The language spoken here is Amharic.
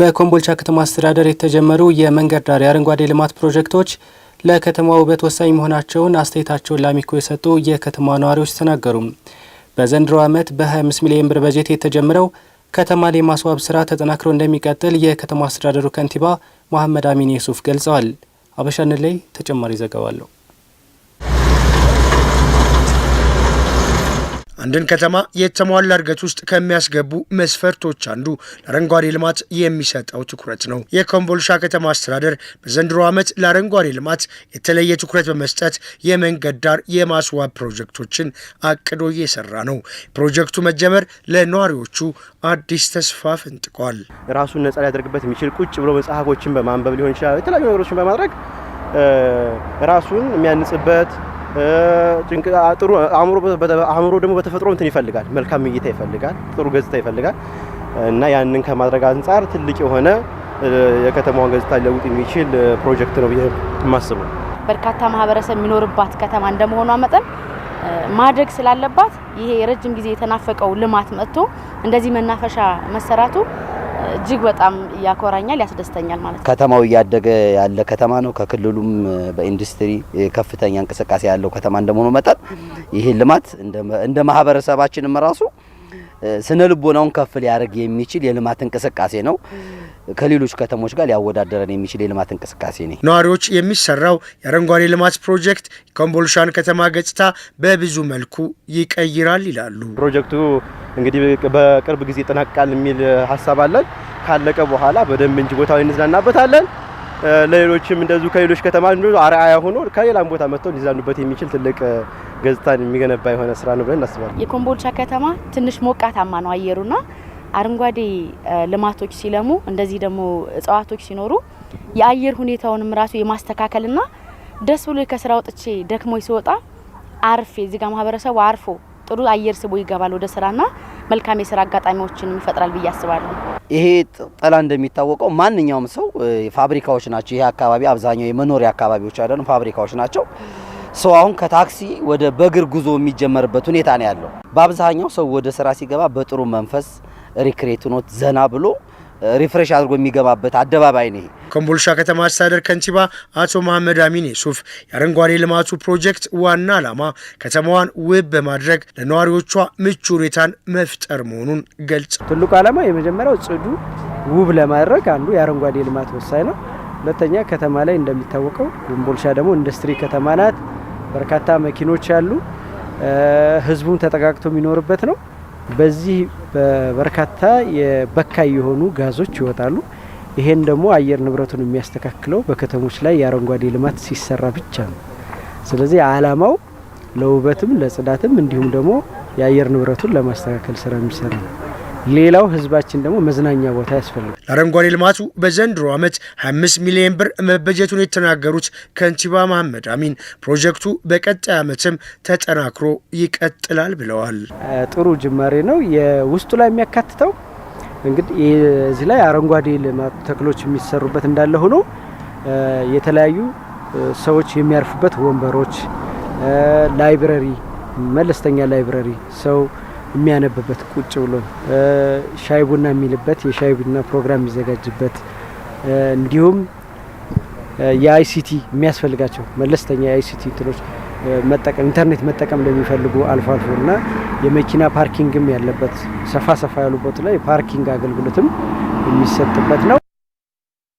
በኮምቦልቻ ከተማ አስተዳደር የተጀመሩ የመንገድ ዳር የአረንጓዴ ልማት ፕሮጀክቶች ለከተማ ውበት ወሳኝ መሆናቸውን አስተያየታቸውን ላሚኮ የሰጡ የከተማ ነዋሪዎች ተናገሩ። በዘንድሮ ዓመት በ25 ሚሊዮን ብር በጀት የተጀመረው ከተማ የማስዋብ ስራ ተጠናክሮ እንደሚቀጥል የከተማ አስተዳደሩ ከንቲባ መሐመድ አሚን የሱፍ ገልጸዋል። አበሻን ላይ ተጨማሪ ዘገባ አለው። አንድን ከተማ የተሟላ እድገት ውስጥ ከሚያስገቡ መስፈርቶች አንዱ ለአረንጓዴ ልማት የሚሰጠው ትኩረት ነው። የኮምቦልሻ ከተማ አስተዳደር በዘንድሮ ዓመት ለአረንጓዴ ልማት የተለየ ትኩረት በመስጠት የመንገድ ዳር የማስዋብ ፕሮጀክቶችን አቅዶ እየሰራ ነው። ፕሮጀክቱ መጀመር ለነዋሪዎቹ አዲስ ተስፋ ፈንጥቋል። ራሱን ነጻ ሊያደርግበት የሚችል ቁጭ ብሎ መጽሐፎችን በማንበብ ሊሆን ይችላል፣ የተለያዩ ነገሮችን በማድረግ ራሱን የሚያንጽበት ጥሩ አእምሮ ደግሞ በተፈጥሮ እንትን ይፈልጋል፣ መልካም እይታ ይፈልጋል፣ ጥሩ ገጽታ ይፈልጋል እና ያንን ከማድረግ አንጻር ትልቅ የሆነ የከተማዋን ገጽታ ሊለውጥ የሚችል ፕሮጀክት ነው ብዬ የማስበው። በርካታ ማህበረሰብ የሚኖርባት ከተማ እንደመሆኗ መጠን ማደግ ስላለባት ይሄ የረጅም ጊዜ የተናፈቀው ልማት መጥቶ እንደዚህ መናፈሻ መሰራቱ እጅግ በጣም ያኮራኛል፣ ያስደስተኛል ማለት ነው። ከተማው እያደገ ያለ ከተማ ነው። ከክልሉም በኢንዱስትሪ ከፍተኛ እንቅስቃሴ ያለው ከተማ እንደመሆኑ መጠን ይሄ ልማት እንደ ማህበረሰባችንም ራሱ ስነ ልቦናውን ከፍ ሊያደርግ የሚችል የልማት እንቅስቃሴ ነው። ከሌሎች ከተሞች ጋር ሊያወዳደረን የሚችል የልማት እንቅስቃሴ ነው። ነዋሪዎች የሚሰራው የአረንጓዴ ልማት ፕሮጀክት የኮምቦልቻን ከተማ ገጽታ በብዙ መልኩ ይቀይራል ይላሉ። ፕሮጀክቱ እንግዲህ በቅርብ ጊዜ ይጠናቀቃል የሚል ሀሳብ አለን። ካለቀ በኋላ በደንብ እንጂ ቦታው እንዝናናበታለን። ለሌሎችም እንደዚሁ ከሌሎች ከተማ አርአያ ሆኖ ከሌላም ቦታ መጥተው ሊዛኑበት የሚችል ትልቅ ገጽታን የሚገነባ የሆነ ስራ ነው ብለን እናስባለን። የኮምቦልቻ ከተማ ትንሽ ሞቃታማ ነው አየሩና አረንጓዴ ልማቶች ሲለሙ እንደዚህ ደግሞ እጽዋቶች ሲኖሩ የአየር ሁኔታውንም ራሱ የማስተካከልና ደስ ብሎ ከስራ ወጥቼ ደክሞ ሲወጣ አርፌ እዚህ ጋር ማህበረሰቡ አርፎ ጥሩ አየር ስቦ ይገባል ወደ ስራና መልካም የስራ አጋጣሚዎችን ይፈጥራል ብዬ አስባለሁ። ይሄ ጠላ እንደሚታወቀው ማንኛውም ሰው ፋብሪካዎች ናቸው። ይሄ አካባቢ አብዛኛው የመኖሪያ አካባቢዎች አይደሉም፣ ፋብሪካዎች ናቸው። ሰው አሁን ከታክሲ ወደ በእግር ጉዞ የሚጀመርበት ሁኔታ ነው ያለው። በአብዛኛው ሰው ወደ ስራ ሲገባ በጥሩ መንፈስ ኖት ዘና ብሎ ሪፍሬሽ አድርጎ የሚገባበት አደባባይ ነው ይሄ። ኮምቦልቻ ከተማ አስተዳደር ከንቲባ አቶ መሐመድ አሚን ሱፍ የአረንጓዴ ልማቱ ፕሮጀክት ዋና ዓላማ ከተማዋን ውብ በማድረግ ለነዋሪዎቿ ምቹ ሁኔታን መፍጠር መሆኑን ገልጽ ትልቁ ዓላማ የመጀመሪያው ጽዱ ውብ ለማድረግ አንዱ የአረንጓዴ ልማት ወሳኝ ነው። ሁለተኛ ከተማ ላይ እንደሚታወቀው ኮምቦልቻ ደግሞ ኢንዱስትሪ ከተማ ናት። በርካታ መኪኖች አሉ። ህዝቡን ተጠጋግቶ የሚኖርበት ነው። በዚህ በርካታ የበካይ የሆኑ ጋዞች ይወጣሉ። ይሄን ደግሞ አየር ንብረቱን የሚያስተካክለው በከተሞች ላይ የአረንጓዴ ልማት ሲሰራ ብቻ ነው። ስለዚህ አላማው ለውበትም ለጽዳትም እንዲሁም ደግሞ የአየር ንብረቱን ለማስተካከል ስራ የሚሰራ ነው። ሌላው ህዝባችን ደግሞ መዝናኛ ቦታ ያስፈልጋል። ለአረንጓዴ ልማቱ በዘንድሮ ዓመት 25 ሚሊዮን ብር መበጀቱን የተናገሩት ከንቲባ መሐመድ አሚን ፕሮጀክቱ በቀጣይ ዓመትም ተጠናክሮ ይቀጥላል ብለዋል። ጥሩ ጅማሬ ነው። የውስጡ ላይ የሚያካትተው እንግዲህ እዚህ ላይ አረንጓዴ ልማት ተክሎች የሚሰሩበት እንዳለ ሆኖ የተለያዩ ሰዎች የሚያርፉበት ወንበሮች፣ ላይብረሪ፣ መለስተኛ ላይብረሪ ሰው የሚያነብበት ቁጭ ብሎ ሻይ ቡና የሚልበት የሻይ ቡና ፕሮግራም የሚዘጋጅበት እንዲሁም የአይሲቲ የሚያስፈልጋቸው መለስተኛ የአይሲቲ ትሎች መጠቀም ኢንተርኔት መጠቀም ለሚፈልጉ አልፎ አልፎ እና የመኪና ፓርኪንግም ያለበት ሰፋ ሰፋ ያሉ ቦታ ላይ ፓርኪንግ አገልግሎትም የሚሰጥበት ነው።